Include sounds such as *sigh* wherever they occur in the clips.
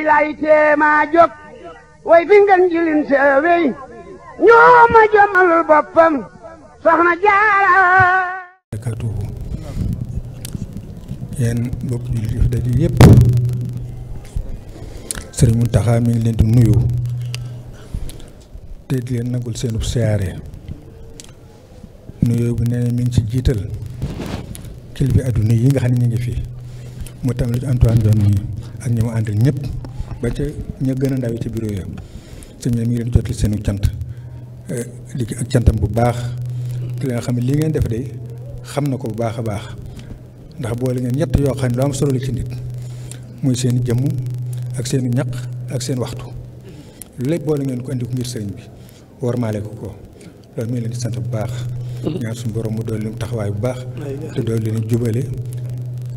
ilay teema jóg way fi ngeen jilin seewey ñoo ma jëmalul boppam soxna jaara barakatuhu yéen bokk jullit yi daje mi ngi leen di nuyu te di leen nagul seenub siyaare nuyoo bu nee mi ngi ci jiital kilifa adduna yi nga xam ne ñu ngi fi mu tam lu ci Antoine Diome ak ñi mu àndal ba ca ña gën a ndaw ci bureau ya sëñ bi mi ngi leen seenu cant li eh, ak cantam bu baax di leen xam ne li ngeen def de xam na ko bu baax a baax ndax boole ngeen ñett yoo xam ne lu am solo ci nit muy seen jëmm ak seen ñaq ak seen waxtu lépp boole ngeen ko indi ko ngir sëriñ bi warmaale ko ko loolu mi leen di sant bu baax. ñaar suñu borom mu dool leen taxawaay bu baax. te dool leen jubale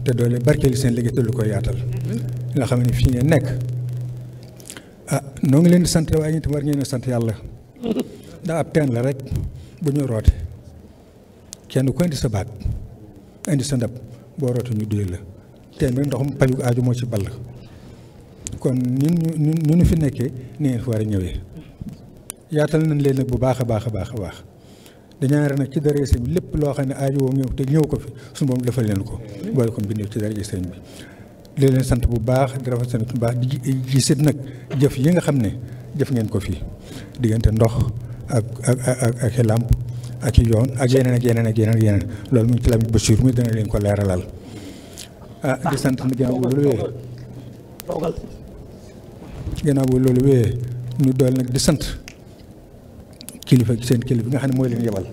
te doole barkeeli seen liggéey te lu koy yaatal. nga xam ne fii ngeen nekk. ah noo ngi leen di sant waaye ñu tam war ngeen sant yàlla ndax ab teen la rek bu ñu roote kenn ku indi sa baat indi sa ndab boo roote ñu duyal la teen bi mu paju aaju moo ci ball kon ñun nu ñu fi nekkee ni ngeen fi war a ñëwee yaatal nañ leen nag bu baax a baax a baax a baax dañaare nag ci dara sëñ bi lépp loo xam ne aaju woo ñëw te ñëw ko fi su moom defal leen ko boole ko mbindee ci dara sëñ bi di leen sant bu baax di rafet sant bu baax di gisit nag jëf yi nga xam ne jëf ngeen ko fii diggante ndox ak ak ak làmp ak i yoon ak yeneen ak yeneen ak yeneen ak yeneen loolu mu ci Lamine Bachir mi dana leen ko leeralal ah, sant na ginnaaw bu loolu wéyee ginnaaw bu loolu wéyee ñu dool nag di sant kilifa seen kilifa nga xam ne mooy leen yebal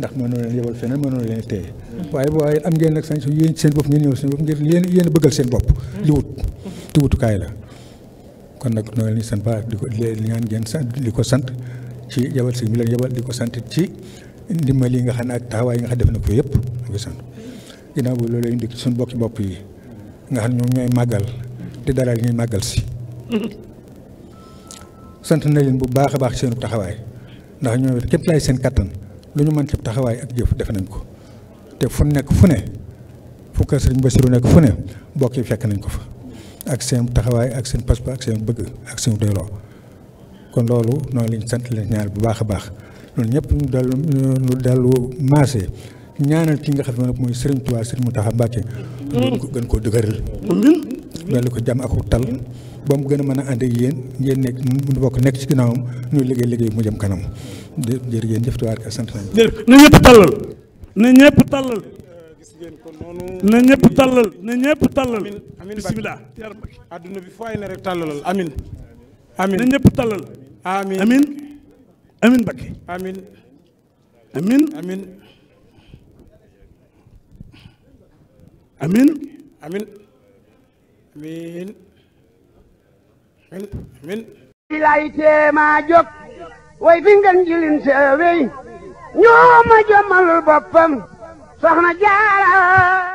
ndax mënoo leen yebal feneen mënoo leen téye waaye waaye am ngeen nag sañ su yéen seen bopp ngeen ñëw seen bopp ngir yéen yéen bëggal seen bopp li wut li wutukaay la kon nag noo leen di di ko li ngeen sant di ko sant ci yebal si mi leen yebal di ko sant ci ndimbal yi nga xam ne taxawaay yi nga xam def na ko yëpp ko sant ginnaaw bu loolu indi suñu bokki bopp yi nga xam ñoom ñooy màggal di dalal ñuy màggal si *laughs* sant na leen bu baax a baax seenu taxawaay ndax ñoom képp lay seen kattan lu ñu mën ci taxawaay ak jëf def nañ ko te fu nekk fu ne fu kër sëriñ Basiru nekk fu ne mbokk yi fekk nañ ko fa ak seen taxawaay ak seen pas bëgg ak seen doyloo kon loolu noonu lañ sant leen ñaar bu baax a baax loolu ñëpp ñu dal ñu dellu maase ñaanal ki nga xam ne mooy sëriñ Tuubaa sëriñ Muntaxa Mbàkke gën ko dëgëral dolli ko jàmm ak tal ba mu gën a mën a ànd ak yéen ngeen nekk mu bokk nekk ci ginnaawam ñu liggéey liggéey mu jëm kanam jërë ngeen jëf tubaarka sant nañu na ñëpp tàllal na ñëpp tàllal na bismillah adduna bi fooy ne rek tàllalal amin amin tàllal amin amin amin amin amin min min min lay teema soxna jaara